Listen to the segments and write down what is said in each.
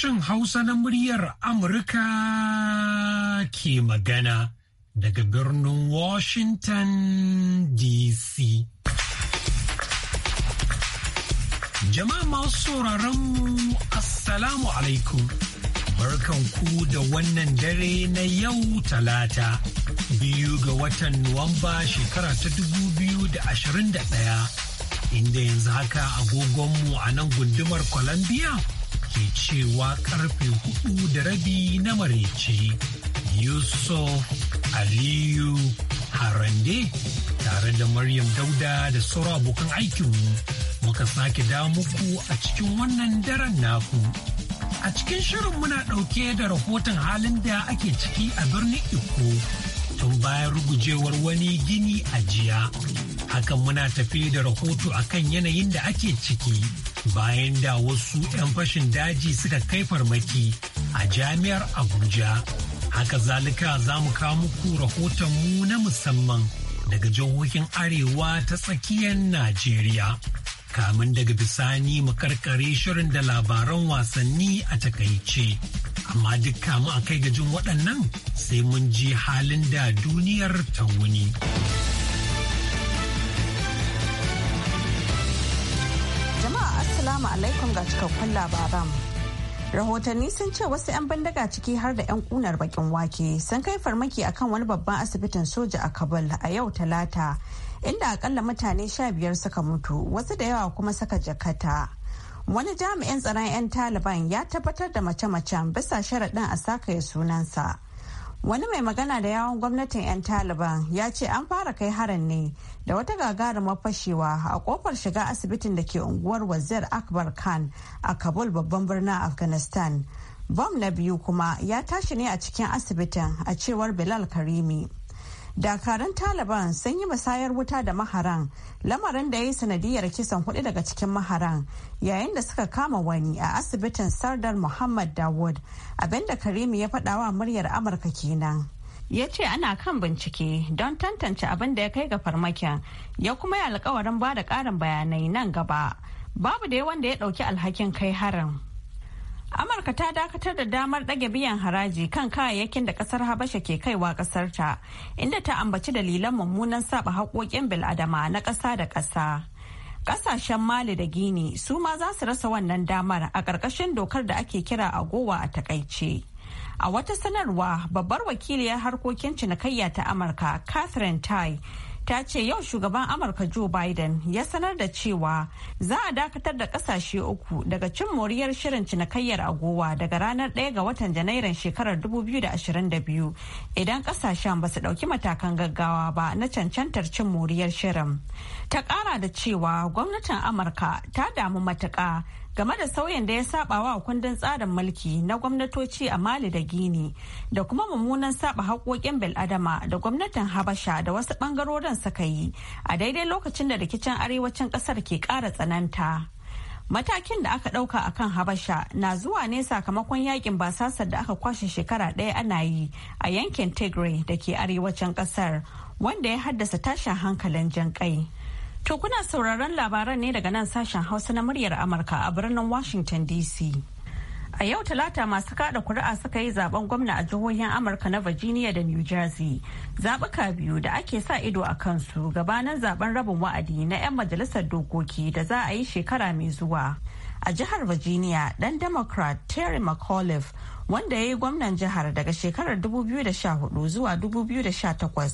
sashen Hausa na muryar Amurka ke magana daga birnin Washington DC. Jama'a masu mu Assalamu alaikum. ku da wannan dare na yau talata biyu ga watan Nuwamba shekara ta dubu biyu da ashirin da ɗaya, inda yanzu haka agogonmu a nan gundumar Colombia ke cewa karfe hudu da rabi na maraice yusuf aliyu harande tare da maryam dauda da sauran abokan aikinmu muka sake damuku muku a cikin wannan daren naku a cikin shirin muna ɗauke da rahoton halin da ake ciki a birnin iko tun bayan rugujewar wani gini a jiya hakan muna tafi da rahoto akan yanayin da ake ciki bayan da wasu 'yan fashin daji suka kai farmaki a jami'ar Abuja. Haka zalika za mu kawo muku rahotonmu na musamman daga jihohin Arewa ta tsakiyar Najeriya. Kamin daga bisani mu karkare shirin da labaran wasanni a takaice. Amma duk kamun a kai gajin waɗannan sai mun ji halin da duniyar ta wuni. Assalamu alaikum ga cikakkun labaran. Rahotanni sun ce wasu 'yan bandaga ciki har da 'yan kunar bakin wake sun kai farmaki akan wani babban asibitin soja a Kabul a yau talata inda akalla mutane sha biyar suka mutu wasu da yawa kuma suka jakata. Wani jami'in tsaron 'yan Taliban ya tabbatar da mace-macen bisa sharaɗin a sakaya sunansa. wani mai magana da yawon gwamnatin 'yan taliban ya ce an fara kai harin ne da wata gagarumar fashewa a kofar shiga asibitin da ke unguwar wazir akbar khan a kabul babban birnin afghanistan bom na biyu kuma ya tashi ne a cikin asibitin a cewar bilal karimi Dakarun Taliban sun yi musayar wuta da maharan lamarin da ya yi sanadiyar kisan hudu daga cikin maharan yayin da suka kama wani a asibitin Sardar Muhammad Dawud abinda Karimi ya faɗawa muryar Amurka kenan. ya ce ana kan bincike don tantance abin da ya kai ga farmakin ya kuma yi alkawarin ba da ƙarin bayanai nan gaba babu da wanda ya ɗauki alhakin kai harin Amurka ta dakatar da damar ɗage biyan haraji kan kayayyakin da ƙasar Habasha ke kaiwa ƙasar ta inda ta ambaci dalilan mummunan saba haƙoƙin bil'adama na ƙasa da ƙasa. Ƙasashen Mali da Gini su ma za su rasa wannan damar a ƙarƙashin dokar da ake kira agowa a taƙaice. A wata sanarwa babbar wakiliyar harkokin cinikayya ta Amurka Catherine Tai ta ce yau shugaban amurka joe biden ya sanar da cewa za a dakatar da kasashe uku daga cin moriyar shirin cinikayyar agowa daga ranar 1 ga watan janairun shekarar 2022 idan kasashen ba su dauki matakan gaggawa ba na cancantar cin moriyar shirin ta kara da cewa gwamnatin amurka ta damu matuka game da sauyin da ya saba wa kundin tsarin mulki na gwamnatoci a mali da gini da kuma mummunan saba haƙoƙin bil'adama da gwamnatin habasha da wasu ɓangarorin suka yi a daidai lokacin da rikicin arewacin ƙasar ke ƙara tsananta matakin da aka ɗauka a kan habasha na zuwa ne sakamakon yakin basasar da aka kwashe shekara ɗaya ana yi a yankin tigray da ke arewacin ƙasar wanda ya haddasa tashin hankalin jan ƙai To kuna sauraron labaran ne daga nan sashen Hausa na muryar Amurka a birnin Washington DC. A yau talata masu kada kuri'a suka yi zaben gwamna a jihohin Amurka na Virginia da New Jersey. Zabuka biyu da ake sa ido a kansu gabanin zaben rabin wa'adi na 'yan majalisar dokoki da za a yi shekara mai zuwa. a jihar virginia dan democrat terry mcauliffe wanda ya yi gwamnan jihar daga shekarar 2014 zuwa 2018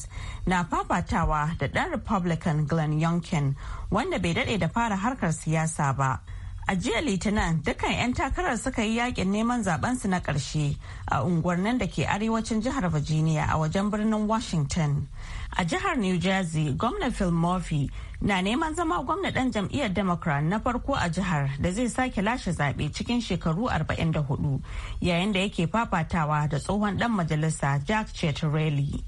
na fafatawa da dan republican glenn youngkin wanda bai dade da fara harkar siyasa ba a jiya litinin dukkan 'yan takarar suka yi yakin neman su na karshe a unguwannin da ke arewacin jihar virginia a wajen birnin washington a jihar new jersey gwamnan phil murphy na neman zama gwamna ɗan jam'iyyar democrat na farko a jihar da zai sake lashe zaɓe cikin shekaru 44 yayin da yake fafatawa da tsohon ɗan majalisa jack chetarelli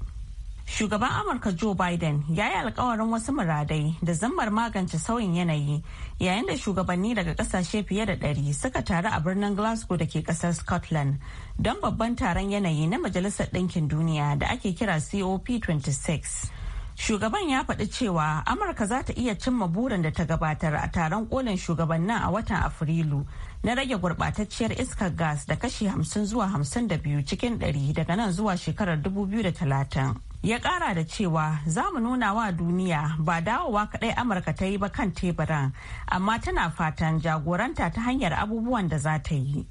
shugaban amurka joe biden ya yi alkawarin wasu muradai da zammar magance sauyin yanayi yayin da shugabanni daga kasashe fiye da ɗari suka taru a birnin glasgow da ke kasar scotland don babban taron yanayi na majalisar ɗinkin duniya da ake kira cop 26 Shugaban ya faɗi cewa Amurka za ta iya cimma burin da ta gabatar a taron kolin shugabannin a watan Afrilu na rage gurɓatacciyar iskar gas da kashi 50 zuwa 52 cikin 100 daga nan zuwa shekarar 2030. Ya ƙara da cewa za mu nuna wa duniya ba dawowa kaɗai Amurka ta yi ba kan teburan, amma tana fatan jagoranta ta hanyar abubuwan da za ta yi.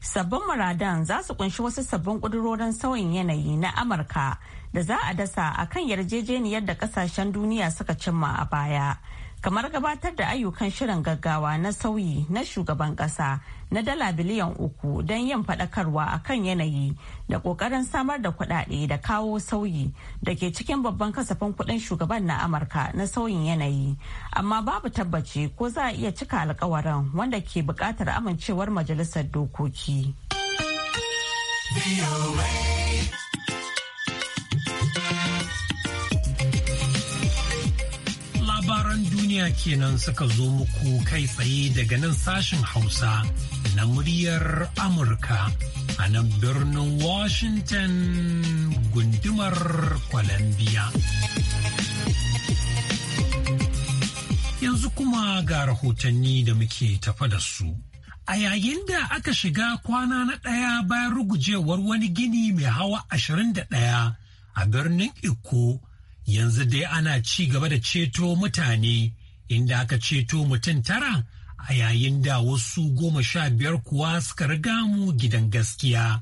Sabbin muradan za su kunshi wasu sabbin ƙudurorin sauyin yanayi na Amurka da za a dasa a kan yarjejeniyar da kasashen duniya suka cimma a baya kamar gabatar da ayyukan shirin gaggawa na sauyi na shugaban kasa na dala biliyan uku don yin faɗakarwa a kan yanayi da ƙoƙarin samar da kuɗaɗe da kawo sauyi da ke cikin babban kasafin kuɗin shugaban na amurka na sauyin yanayi amma babu tabbaci ko za a iya cika alkawarin wanda ke buƙatar amincewar majalisar dokoki. duniya kenan suka zo muku kai tsaye daga nan sashen Hausa na muryar Amurka a nan birnin Washington gundumar Columbia. Yanzu kuma ga rahotanni da muke tafa da su. A yayin da aka shiga kwana na ɗaya bayan rugujewar wani gini mai hawa ashirin da ɗaya a birnin Iko yanzu dai ana ci gaba da ceto mutane inda aka ceto mutum tara a yayin da wasu goma sha biyar kuwa suka riga mu gidan gaskiya.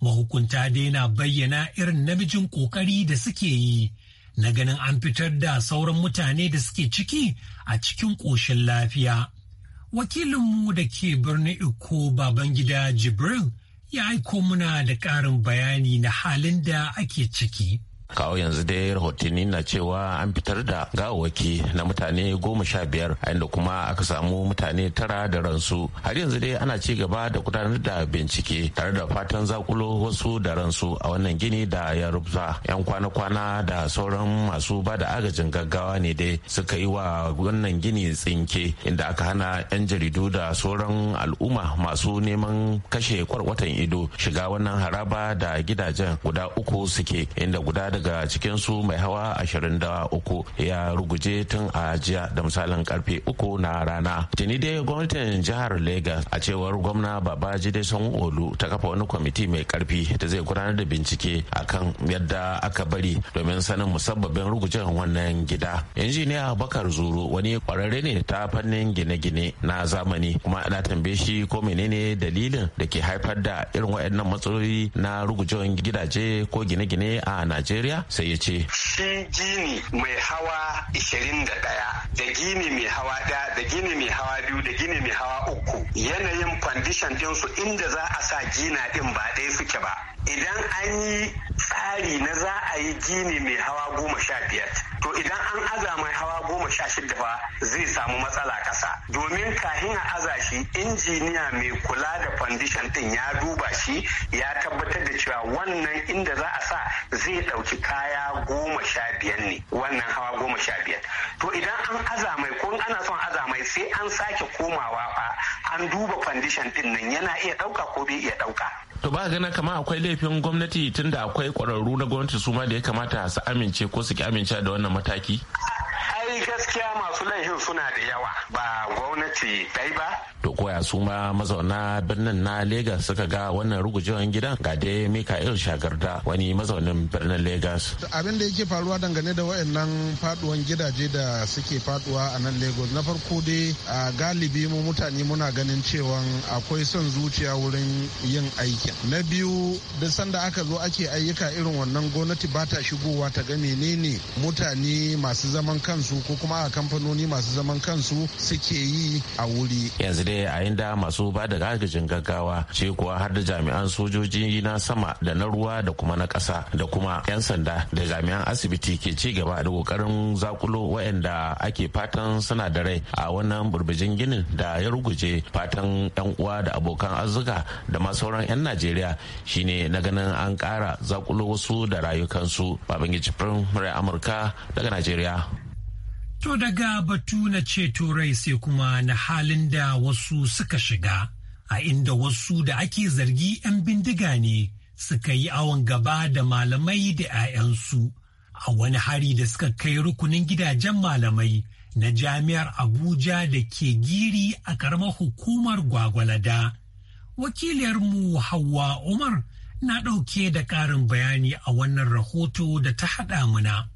Mahukunta dai na bayyana irin namijin ƙoƙari da suke yi na ganin an fitar da sauran mutane da suke ciki a cikin ƙoshin lafiya. Wakilinmu da ke birnin Iko Babangida Jibril ya aiko muna da ƙarin bayani na halin da ake ciki. kawo yanzu dai rahotanni na cewa an fitar da gawaki na mutane goma sha biyar a inda kuma aka samu mutane tara da ransu har yanzu dai ana ci gaba da gudanar da bincike tare da fatan zakulo wasu da ransu a wannan gini da ya rubuta yan kwana-kwana da sauran masu ba da agajin gaggawa ne dai suka yi wa wannan gini tsinke inda aka hana 'yan jaridu da sauran al'umma masu neman kashe kwarkwatan ido shiga wannan haraba da gidajen guda uku suke inda guda daga daga cikin su mai hawa 23 ya ruguje tun a jiya da misalin karfe uku na rana tuni dai gwamnatin jihar lagos a cewar gwamna babajide sanwo-olu ta kafa wani kwamiti mai karfi da zai gudanar da bincike akan yadda aka bari domin sanin musabbabin rugujen wannan gida injiniya bakar zuru wani kwararre ne ta fannin gine-gine na zamani kuma ana tambaye shi ko menene dalilin da ke haifar da irin waɗannan matsaloli na rugujen gidaje ko gine-gine a najeriya najeriya sai ya ce shi gini mai hawa 21 da gini mai hawa ɗaya da gini mai hawa biyu da gini mai hawa uku yanayin kwandishan ɗinsu inda za a sa gina ɗin ba ɗaya suke ba idan an yi tsari na za a yi gini mai hawa goma sha biyar to idan an aza mai hawa goma sha shida ba zai samu matsala ƙasa domin kahin a aza shi injiniya mai kula da condition din ya duba shi ya tabbatar da cewa wannan inda za a sa zai ɗauki kaya goma sha biyar ne wannan hawa goma sha biyar to idan an azamai ko ana son azamai sai an sake komawa fa an duba condition din nan yana iya ɗauka ko bai iya ɗauka to ba gana kama akwai laifin gwamnati tunda akwai kwararru na gwamnati su ma da ya kamata su amince ko su ki amince da wannan mataki dai gaskiya masu laifin suna da yawa ba gwamnati dai ba to koya su ma mazauna birnin na Legas suka ga wannan rugujewan gidan ga dai Mikael Shagarda wani mazaunin birnin Legas abin da yake faruwa dangane da wayannan faduwan gidaje da suke faduwa a nan legas na farko dai a galibi mu mutane muna ganin cewa akwai son zuciya wurin yin aikin na biyu da sanda aka zo ake ayyuka irin wannan gwamnati ba ta shigowa ta ga menene mutane masu zaman kansu ko kuma a kamfanoni masu zaman kansu suke yi a wuri yanzu dai a inda masu ba da agajin gaggawa ce kuwa har da jami'an sojoji na sama da na ruwa da kuma na ƙasa da kuma 'yan sanda da jami'an asibiti ke ci gaba da ƙoƙarin zakulo waɗanda ake fatan suna da rai a wannan burbujin ginin da ya ruguje fatan 'yan uwa da abokan arzika da ma sauran 'yan najeriya shine na ganin an ƙara zakulo wasu da rayukansu babangiji firin murai amurka daga najeriya To daga batu na ceto rai sai kuma na halin da wasu suka shiga, a inda wasu da ake zargi 'yan bindiga ne suka yi awon gaba da malamai da 'ya'yansu a wani hari da suka kai rukunin gidajen malamai na jami'ar Abuja da ke giri a karamar hukumar Gwagwalada. Wakiliyar mu Hauwa Umar na ɗauke da ƙarin bayani a wannan rahoto da ta haɗa muna.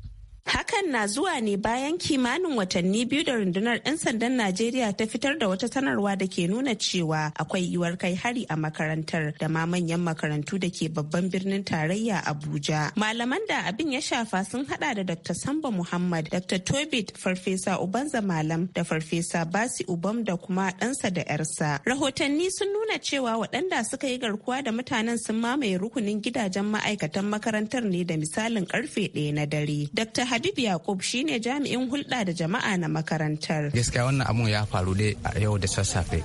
Hakan na zuwa ne bayan kimanin watanni biyu da rundunar 'yan sandan Najeriya ta fitar da wata sanarwa da ke nuna cewa akwai yiwuwar kai hari a makarantar da ma manyan makarantu da ke babban birnin tarayya Abuja. Malaman da abin ya shafa sun hada da Dr. Samba Muhammad, Dr. Tobit, Farfesa Ubanza Malam da Farfesa Basi Ubam da kuma ɗansa da 'yarsa. Rahotanni sun nuna cewa waɗanda suka yi garkuwa da mutanen sun mamaye rukunin gidajen ma'aikatan makarantar ne da misalin karfe ɗaya na dare. Dr. Habib Yakub shine jami'in hulɗa da jama'a na makarantar. Gaskiya wannan abun ya faru dai a yau da sassafe.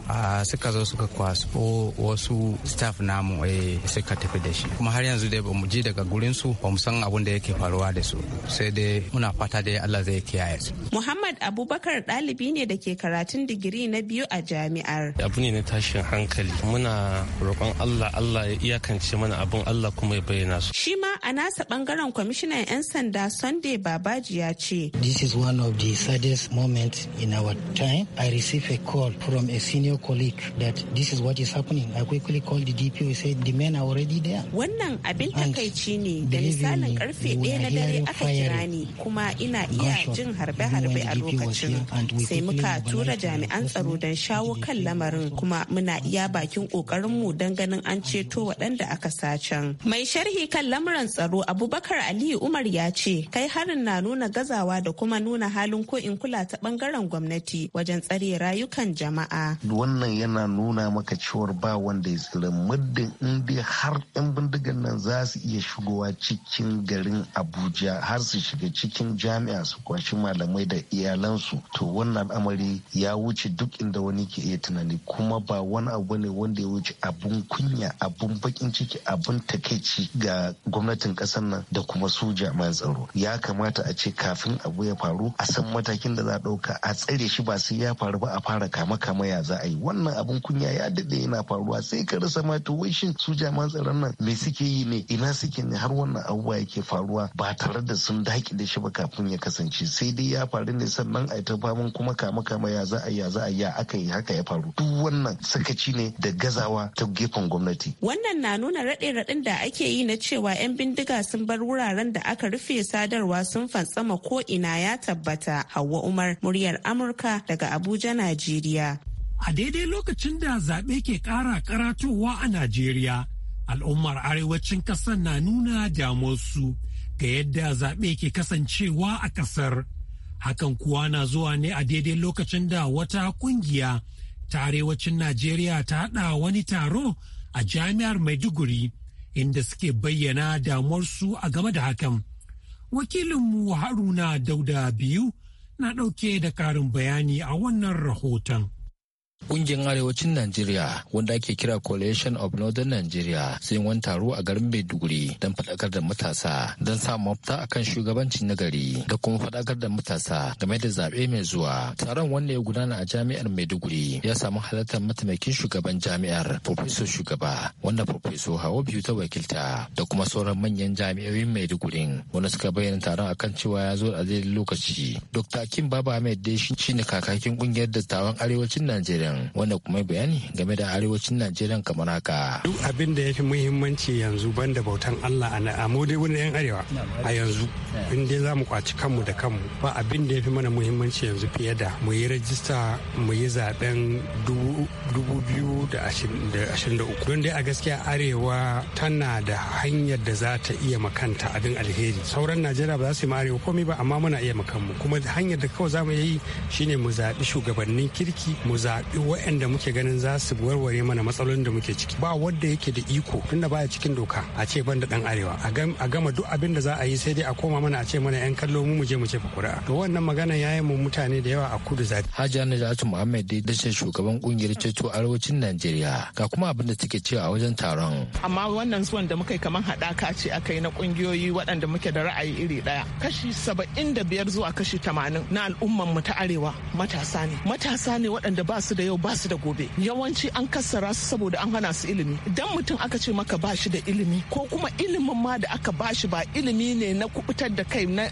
suka zo suka kwaso wasu staff namu eh suka tafi da shi. Kuma har yanzu dai bamu ji daga gurin su bamu san abun da yake faruwa da su. Sai dai muna fata dai Allah zai kiyaye su. Muhammad Abubakar ɗalibi ne da ke karatun digiri na biyu a jami'ar. Abu ne na tashin hankali. Muna roƙon Allah Allah ya iyakance mana abun Allah kuma ya bayyana su. Shi ma a nasa ɓangaren kwamishinan 'yan sanda Sunday Baba Abaji ya ce. This is one of the saddest moments in our time. I received a call from a senior colleague that this is what is happening. I quickly called the DPO and said the men are already there. Wannan abin takaici ne da misalin karfe ɗaya na dare aka kira ni kuma ina iya jin harbe-harbe a lokacin sai muka tura jami'an tsaro don shawo kan lamarin kuma muna iya bakin ƙoƙarinmu don ganin an ceto waɗanda aka sacen. Mai sharhi kan lamuran tsaro Abubakar Aliyu Umar ya ce kai harin na nuna gazawa da kuma nuna halin ko in kula ta bangaren gwamnati wajen tsare rayukan jama'a. Wannan yana nuna maka cewar ba wanda ya tsira muddin in dai har 'yan bindigan nan za su iya shigowa cikin garin Abuja har su shiga cikin jami'a su kwashi malamai da iyalansu to wannan amari ya wuce duk inda wani ke iya tunani kuma ba wani abu ne wanda ya wuce abun kunya abun bakin ciki abun takaici ga gwamnatin kasar nan da kuma su jami'an tsaro ya kamata kamata a ce kafin abu ya faru a san matakin da za a ɗauka a tsare shi ba sai ya faru ba a fara kama kama ya za a yi wannan abun kunya ya daɗe yana faruwa sai ka rasa ma to wai shin su jami'an tsaron nan me suke yi ne ina suke ne har wannan abubuwa yake faruwa ba tare da sun daƙi da shi ba kafin ya kasance sai dai ya faru ne sannan a ta faman kuma kama kama ya za a yi ya za a yi aka yi haka ya faru duk wannan sakaci ne da gazawa ta gefen gwamnati. Wannan na nuna raɗe-raɗin da ake yi na cewa 'yan bindiga sun bar wuraren da aka rufe sadarwa sun sun ko ko'ina ya tabbata Hauwa Umar muryar Amurka daga Abuja, Najeriya. A daidai lokacin da zaɓe ke ƙara karatowa a Najeriya, al'ummar arewacin ƙasar na nuna damuwarsu ga yadda zaɓe ke kasancewa a ƙasar. Hakan kuwa na zuwa ne a daidai lokacin da wata ƙungiya ta arewacin Najeriya ta haɗa wani taro a jami'ar Maiduguri inda suke bayyana damuwarsu a game da hakan. wakilinmu haruna dauda biyu na ɗauke da ƙarin bayani a wannan rahoton Ƙungiyar Arewacin Najeriya wanda ake kira Coalition of Northern Nigeria sai wani taro a garin Maiduguri don faɗakar da matasa don samun mafita akan shugabanci nagari da kuma faɗakar da matasa game da zaɓe mai zuwa. Taron wanda ya gudana a jami'ar Maiduguri ya samu halartar mataimakin shugaban jami'ar Profeso Shugaba wanda Profeso Hawa biyu ta wakilta da kuma sauran manyan jami'oyin Maiduguri wanda suka bayyana taron a kan cewa ya zo a lokaci. Dr. Akin Baba Ahmed Deshi shi ne kakakin ƙungiyar dattawan Arewacin Najeriya kenan wanda kuma bayani game da arewacin najeriya kamar haka duk abin da ya muhimmanci yanzu banda bautan allah a mu wani yan arewa a yanzu in dai za mu kwaci kanmu da kanmu ba abin da ya mana muhimmanci yanzu fiye da mu yi rajista mu yi zaben dubu biyu da ashirin da uku don dai a gaskiya arewa tana da hanyar da za ta iya makanta abin alheri sauran najeriya ba za su yi arewa komai ba amma muna iya makanmu kuma hanyar da kawai za mu yi shine mu zaɓi shugabannin kirki mu zaɓi waɗanda muke ganin za su warware mana matsalolin da muke ciki ba wanda yake da iko tunda baya cikin doka a ce ban dan arewa a gama duk abin da za a yi sai dai a koma mana a ce mana yan kallo mu mu je mu ce kuri'a to wannan magana ya yi mu mutane da yawa a kudu zafi hajji najatu muhammad dai da shugaban kungiyar ceto arewacin najeriya ga kuma abin da take cewa a wajen taron amma wannan zuwan da muka yi kamar haɗaka ce aka yi na kungiyoyi waɗanda muke da ra'ayi iri daya kashi saba'in da biyar zuwa kashi tamanin na al'umman mu ta arewa matasa ne matasa ne waɗanda ba su da yau ba su da gobe yawanci an kassara su saboda an hana su ilimi idan mutum aka ce maka ba shi da ilimi ko kuma ilimin ma da aka ba shi ba ilimi ne na kubutar da kai na,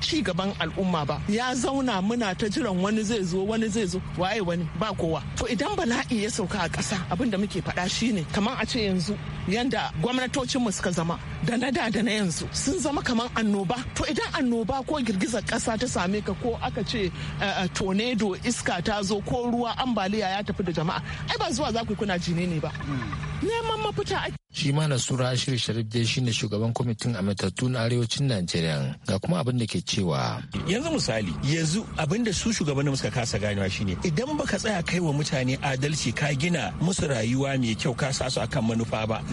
ci gaban al'umma ba ya zauna muna ta jiran wani zai zo wani zai zo waye wani ba kowa to idan bala'i ya sauka a ƙasa abin da muke faɗa shine kamar a ce yanzu yanda gwamnatocinmu suka zama da na da da na yanzu sun zama kamar annoba to idan annoba ko girgizar ƙasa ta same ka ko aka ce eh, eh, tornado iska ta zo ko ruwa ambaliya ya tafi da jama'a ai ba zuwa za ku kuna jine ne ba hmm. neman mafita ake. shi ma nasura ashir sharif dai shine shugaban kwamitin amintattu na arewacin najeriya ga kuma abin da ke cewa yanzu misali yanzu abin da su shugaban suka kasa ganewa shine idan baka tsaya kai wa mutane adalci ka gina musu rayuwa mai kyau ka sa su akan manufa ba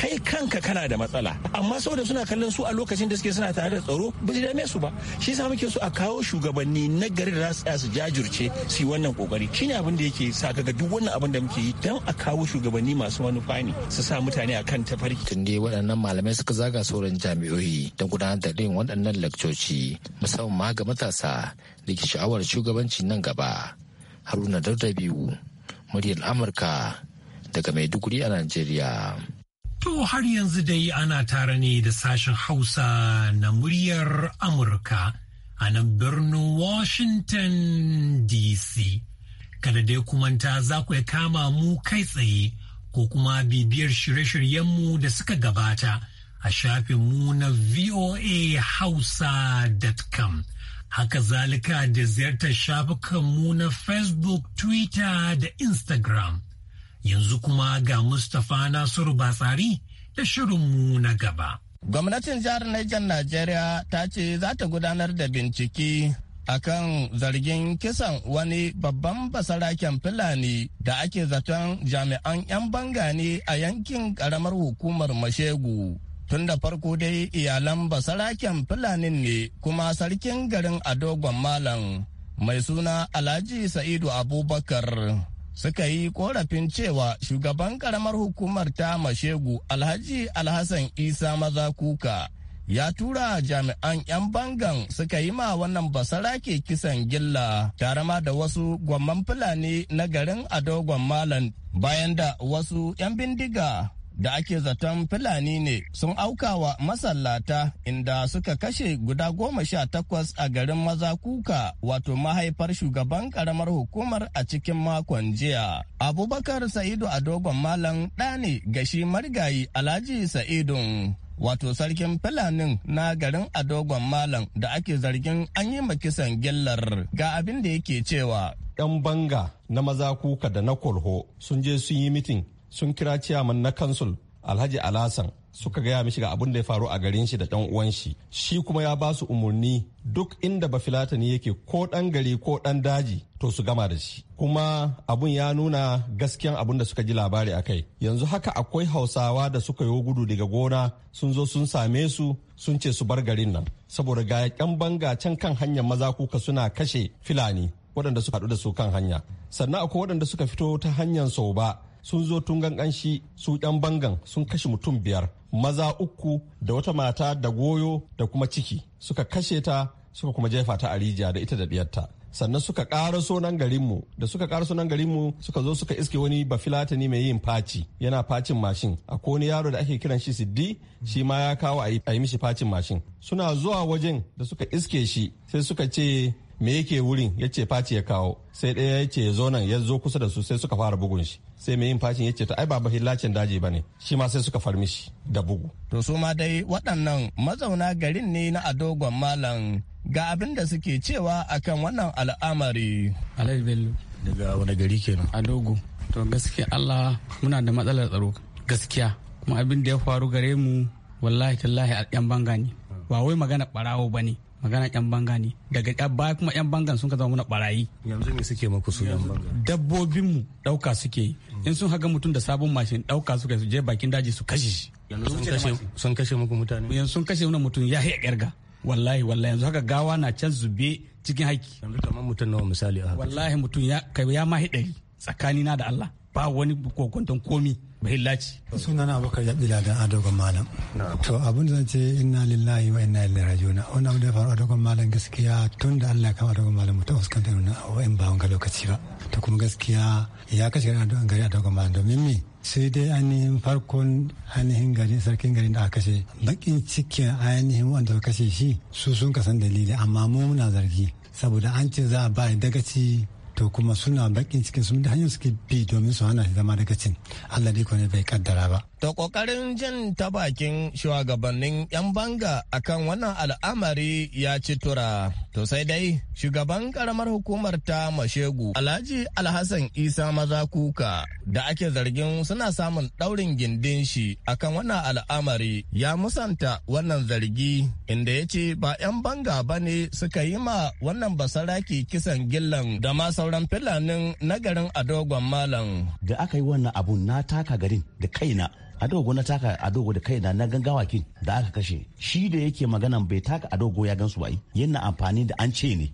kai kanka kana da matsala amma saboda suna kallon su a lokacin da suke suna tare da tsaro ba su dame su ba shi yasa muke so a kawo shugabanni na gari da za su jajirce su yi wannan kokari shine abin da yake sa ga duk wannan abin da muke yi dan a kawo shugabanni masu manufa sabani su sa mutane akan tafarki. tun dai waɗannan malamai suka zaga sauran jami'o'i don gudanar da irin waɗannan lakcoci musamman ma ga matasa da ke sha'awar shugabanci nan gaba haruna biyu muryar amurka daga maiduguri a najeriya To har yanzu dai ana tare ne da sashen Hausa na muryar Amurka a nan birnin Washington DC. Kada dai kumanta za ku kama mu kai tsaye ko kuma bibiyar shirye-shiryenmu da suka gabata a shafinmu na voahausa.com. Haka zalika da ziyartar shafukanmu na Facebook, Twitter da Instagram. Yanzu kuma ga Mustapha Nasiru Batsari da shirinmu na gaba. Gwamnatin jihar Niger Najeriya ta ce za ta gudanar da bincike akan zargin kisan wani babban basaraken fulani da ake zaton jami'an 'yan banga ne a yankin karamar hukumar mashegu tun da farko dai iyalan basaraken fulanin ne kuma sarkin garin adogon malam mai suna alhaji sa'idu abubakar suka yi korafin cewa shugaban karamar hukumar ta mashegu alhaji alhassan isa maza kuka ya tura jami'an 'yan bangan suka yi ma wannan basarake kisan gilla tare ma da wasu gwamman fulani na garin ado gwammalan bayan da wasu 'yan bindiga da ake zaton fulani ne sun aukawa masallata inda suka kashe guda goma sha takwas a garin maza kuka wato mahaifar shugaban karamar hukumar a cikin makon jiya abubakar sa'idu a dogon malam ɗa gashi marigayi alhaji sa'idun wato sarkin fulanin na garin adogon malam da ake zargin an yi kisan gillar ga abin da yake cewa yan banga na maza kuka da na kolho sun je sun yi mitin sun kira ciyaman na kansul alhaji alasan suka gaya mishi ga abin da ya faru a garin shi da dan uwan shi shi kuma ya ba su umarni duk inda bafilatani yake ko dan gari ko dan daji to su gama da shi kuma abun ya nuna gaskiyan abun da suka ji labari akai yanzu haka akwai hausawa da suka yi gudu daga gona sun zo sun same su sun ce su bar garin nan saboda ga yan banga can kan hanyar maza kuka suna kashe filani waɗanda suka haɗu da su kan hanya sannan akwai waɗanda suka fito ta hanyar sau ba sun zo tun ganganshi su yan bangan sun kashe mutum biyar maza uku da wata mata da goyo da kuma ciki suka kashe ta suka kuma jefa ta a rijiya da ita da diyarta sannan suka karaso nan garinmu da suka karaso nan garinmu suka zo suka iske wani bafilatani mai yin faci yana facin mashin a wani yaro da ake kiran shi siddi shi ma ya kawo a yi mishi facin mashin suna zuwa wajen da suka iske shi sai suka ce me yake wurin ya ce faci ya kawo sai ɗaya ya ce zo nan ya zo kusa da su sai suka fara bugun shi sai mai yin facin ya ce ta ai ba bahillacin daji ba ne shi ma sai suka farmi shi da bugu. to su ma dai waɗannan mazauna garin ne na adogon malam ga abin da suke cewa akan wannan al'amari. Alhaji Daga wani gari kenan. Adogo. To gaskiya Allah muna da matsalar tsaro gaskiya kuma abin da ya faru gare mu wallahi tallahi a yan banga ne ba wai magana barawo ba ne magana yan banga ne daga yan baya kuma yan bangan sun ka zama muna barayi yanzu me suke maku su yan banga dabbobin mu dauka suke mm. in sun haga mutum da sabon mashin dauka suka su je bakin daji su kashe shi sun kashe muku mutane yanzu sun kashe muna mutum ya haƙa ƙirga wallahi wallahi yanzu haka gawa na can zube cikin haki. yanzu kamar mutum nawa misali a wallahi mutum ya ma hidari tsakanina da Allah ba wani kokwanton komi bahillaci. suna na abokan jabi ladan adogon malam to abin da ce inna lillahi wa inna ilaihi rajiun wani abu da ya faru adogon malam gaskiya tun da Allah ya kama adogon malam mutum fuskantar nuna a wa'in ba wanga lokaci ba to kuma gaskiya ya kashe gari adogon malam domin me sai dai ainihin farkon ainihin garin sarkin garin da aka kashe bakin cikin ainihin wanda kashe shi su sun kasan dalili amma mu muna zargi saboda an ce za a ba dagaci to kuma suna bakin cikin sun da hanyar suke bi domin su hana shi zama daga cin allah dai kone bai kaddara ba ta kokarin jin ta bakin shugabannin 'yan banga akan wannan al'amari ya ci tura. To sai dai shugaban karamar hukumar ta Mashegu Alhaji Alhassan Isa maza kuka da ake zargin suna samun daurin gindin shi akan wannan al'amari ya musanta wannan zargi inda ya ce ba 'yan banga ba ne suka yi ma wannan basaraki kisan gillan da ma sauran filanin na garin Adogon Malam. Da aka yi wannan abu na taka garin da kaina adogo na taka adogo da kai na na gangawakin da aka kashe shi da yake magana bai taka adogo ya gansu bai yana amfani da an ce ne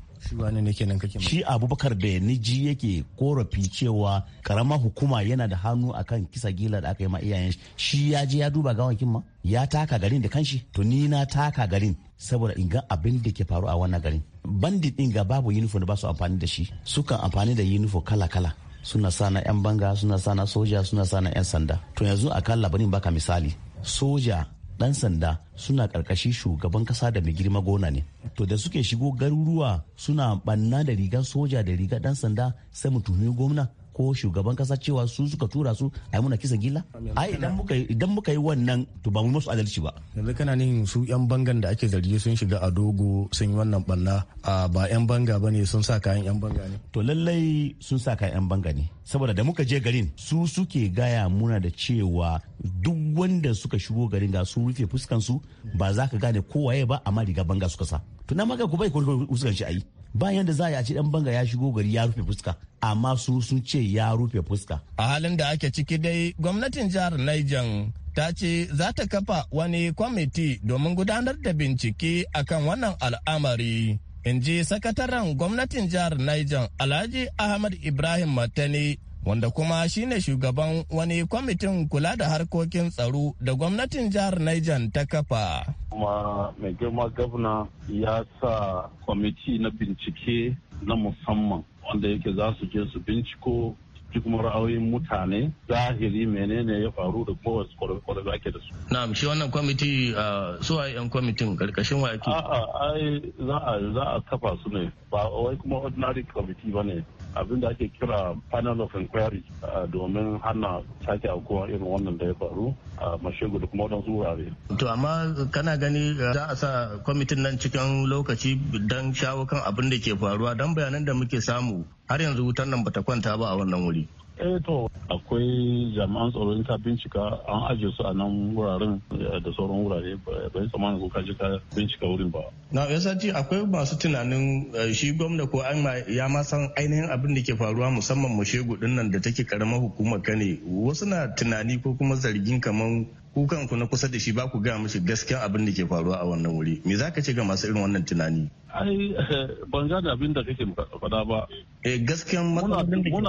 shi abubakar da niji yake korafi cewa karama hukuma yana da hannu akan kisa gila da aka yi ma iyayen shi ya je ya duba gawakin ma ya taka garin da kanshi to ni na taka garin saboda in ga abin da ke faru a wannan garin bandit din ga babu uniform da ba su amfani da shi sukan amfani da uniform kala kala suna sana 'yan banga suna sana soja suna sana 'yan sanda to yanzu a kan labarin baka misali soja dan sanda suna karkashin shugaban kasa da mai girma gona ne to da suke shigo garuruwa suna banna da rigar soja da rigar dan sanda sai mu tuhumi gwamna ko shugaban kasa cewa su suka tura su a yi muna kisan gila ai idan muka yi wannan to ba mu musu adalci ba yanzu kana su yan bangan da ake zargi sun shiga a dogo sun yi wannan banna ba yan banga ba ne. sun sa kayan yan banga ne to lallai sun sa kayan yan banga ne saboda da muka je garin su suke gaya muna da cewa duk wanda suka shigo garin ga sun rufe fuskansu ba za ka gane kowaye ba amma riga banga suka sa to maka ku bai fuskan shi ayi bayan da za a ce dan banga ya shigo gari ya rufe fuska amma su sun ce ya rufe fuska a halin da ake ciki dai gwamnatin jihar Niger ta ce za ta kafa wani kwamiti domin gudanar da bincike akan wannan al'amari in ji sakataren gwamnatin jihar Niger Alhaji Ahmad Ibrahim Matani wanda kuma shine shugaban wani kwamitin kula da harkokin tsaro da gwamnatin jihar Niger ta kafa. Kuma mai girma gabna ya sa kwamiti na bincike na musamman wanda yake za su je su binciko duk ra'ayoyin mutane zahiri menene ya faru da kowace kwarar da ake da su. Na'am shi wannan kwamiti uh, su a yan kwamitin karkashin wa ake? A'a ai za a kafa su ne ba wai kuma ordinary committee ba ne abin da ake kira panel of inquiry uh, domin hana sake aukuwa irin wannan da ya faru a da kuma waɗansu wurare. To amma kana gani uh, za a sa kwamitin nan cikin lokaci don shawo kan abin da ke faruwa don bayanan da muke samu har yanzu wutar nan bata kwanta ba a wannan wuri. Eh, to akwai jami'an tsaro in ka bincika an ajiye su a nan wuraren eh, da sauran wurare bai tsammanin ko ka ka bincika wurin ba na ji akwai masu tunanin eh, shi gwamna ko an ya ma san ainihin abin da ke faruwa musamman mashegu din nan da take karamar hukumar kane wasu na tunani ko kuma zargin kamar. ku kanku na kusa da shi ba ku gaya mishi gaskiyar abin da ke faruwa a wannan wuri me za ka ce ga masu irin wannan tunani ai ban da abin da kake faɗa ba eh gaskiyar muna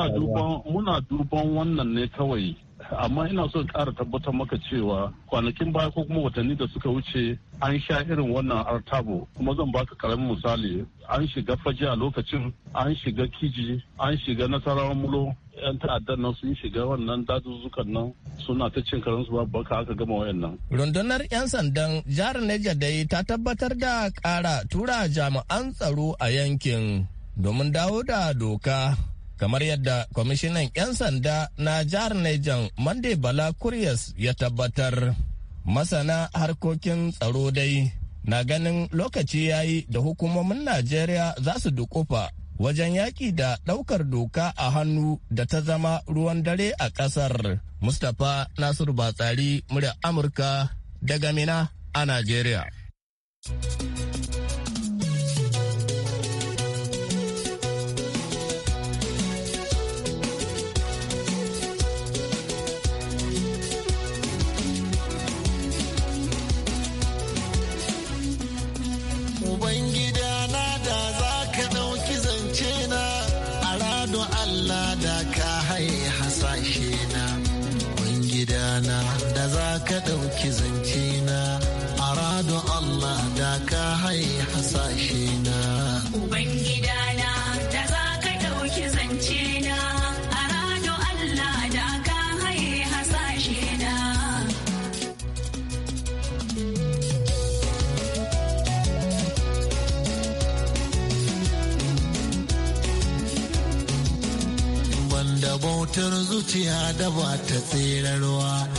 duban muna duban wannan ne kawai amma ina so son ƙara tabbatar maka cewa kwanakin baya ko kuma watanni da suka wuce an sha irin wannan artabo kuma zan baka karamin misali an shiga faji lokacin an shiga kiji an shiga nasarawar mulo 'yan ta'addar nan sun shiga wannan dazuzzukan nan suna ta cin karansu babba ka aka gama wayannan. Rundunar 'yan sandan jihar Niger dai ta tabbatar da ƙara tura jami'an tsaro a yankin domin dawo da doka. Kamar yadda kwamishinan 'yan sanda na jihar Niger Monday Bala Kuryas ya tabbatar. Masana harkokin tsaro dai na ganin lokaci yayi da hukumomin Najeriya za su dukufa wajen yaƙi da ɗaukar doka a hannu da ta zama ruwan dare a ƙasar. Mustapha Nasiru Batsari murya Amurka daga Mina a Najeriya. ki zance na arado Allah da ka hai hasashe na ubangida na da za ka dauki zance na arado Allah da ka hai hasashe na wanda bautar zuciya da ba ta tserarwa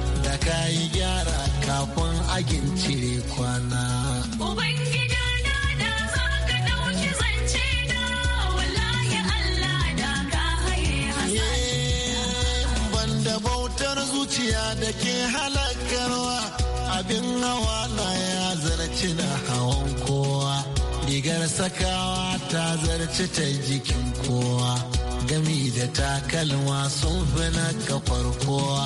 da ka yi gyara kafin agin cire kwana. bautar zuciya da ke halakarwa abin hawa na ya zarci da hawan kowa rigar sakawa ta zarci ta jikin kowa gami da takalma sun fi na kafar kowa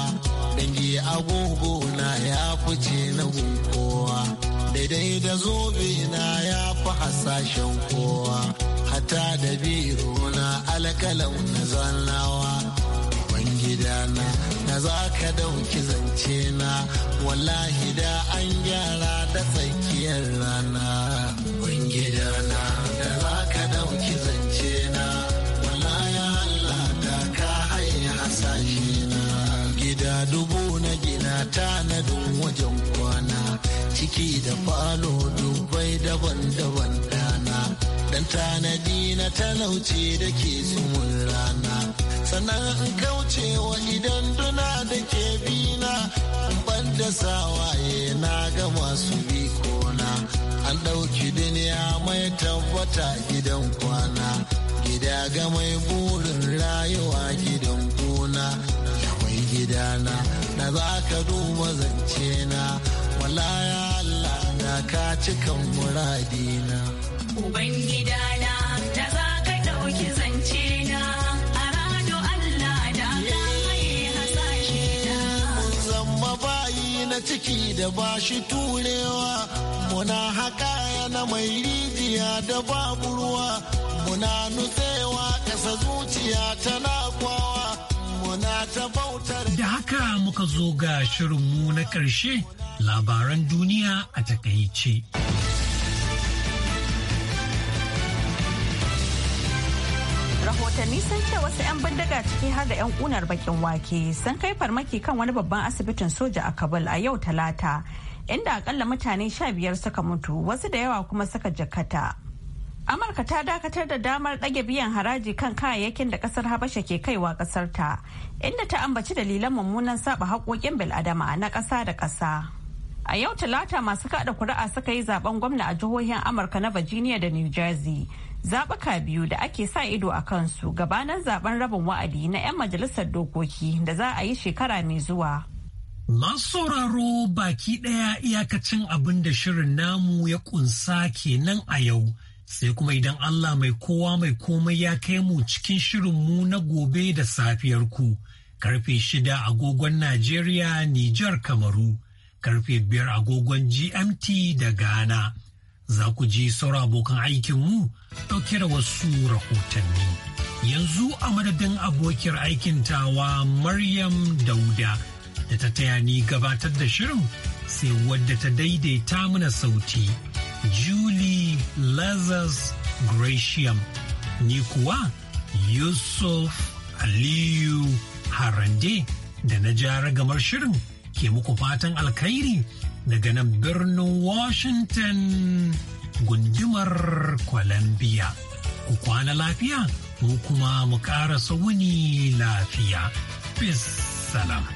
dangi agogo na ya fice na kowa daidai da zobe na ya fi hasashen kowa hata da biro na alkalau na zannawa gidana na za ka dauki zance na wallahi da an gyara da tsakiyar rana gidana tanadin wajen kwana ciki da falo dubbai daban-daban dana dan tanadi na talauce da ke tsumin rana sannan in kaucewa idan duna da ke bina ban da sawaye na ga masu bikona an ɗauki duniya mai tabbata gidan kwana gida ga mai burin rayuwa gidan gona ya mai gidana da za ka duba zance na wala ya Allah da ka cikan muradina ubangida na da za ka dauki zance na arado Allah da ka yi hasashe na zama bayi na ciki da ba shi turewa muna haka na mai rijiya da babu ruwa muna nutsewa ƙasa zuciya tana kwawa Da haka muka zo ga shirinmu na ƙarshe labaran duniya a takaice. rahotanni sun ce wasu 'yan bindiga ciki har da 'yan kunar bakin wake sun kai farmaki kan wani babban asibitin soja a kabul a yau talata inda akalla mutane sha biyar suka mutu wasu da yawa kuma suka jakata amurka ta dakatar da damar ɗage biyan haraji kan kayayyakin da ƙasar habasha ke kaiwa ƙasar ta inda ta ambaci dalilan mummunan saba haƙoƙin bil'adama na ƙasa da ƙasa a yau talata masu kaɗa kuri'a suka yi zaben gwamna a jihohin amurka na virginia da new jersey zaɓuka biyu da ake sa ido a kansu gabanin zaben rabin wa'adi na 'yan majalisar dokoki da za a yi shekara mai zuwa Masu sauraro baki ɗaya iyakacin abin da shirin namu ya kunsa kenan a yau sai kuma idan Allah mai kowa mai komai ya kai mu cikin shirinmu na gobe da safiyar ku karfe shida agogon Najeriya, Nijar, Kamaru, karfe biyar agogon GMT da Ghana. Za ku ji sauran abokan aikinmu ɗauke da wasu rahotanni. Yanzu a madadin abokiyar aikin tawa Maryam Dauda da ta taya ni gabatar da shirin sai wadda ta daidaita mana sauti Julie Lazarus Gratiam ni kuwa Yusuf Aliyu Harande da na ja ragamar shirin ke muku fatan alkhairi daga nan birnin Washington gundumar Columbia. Ku kwana lafiya, mu kuma mu ƙara wuni lafiya. Peace salam.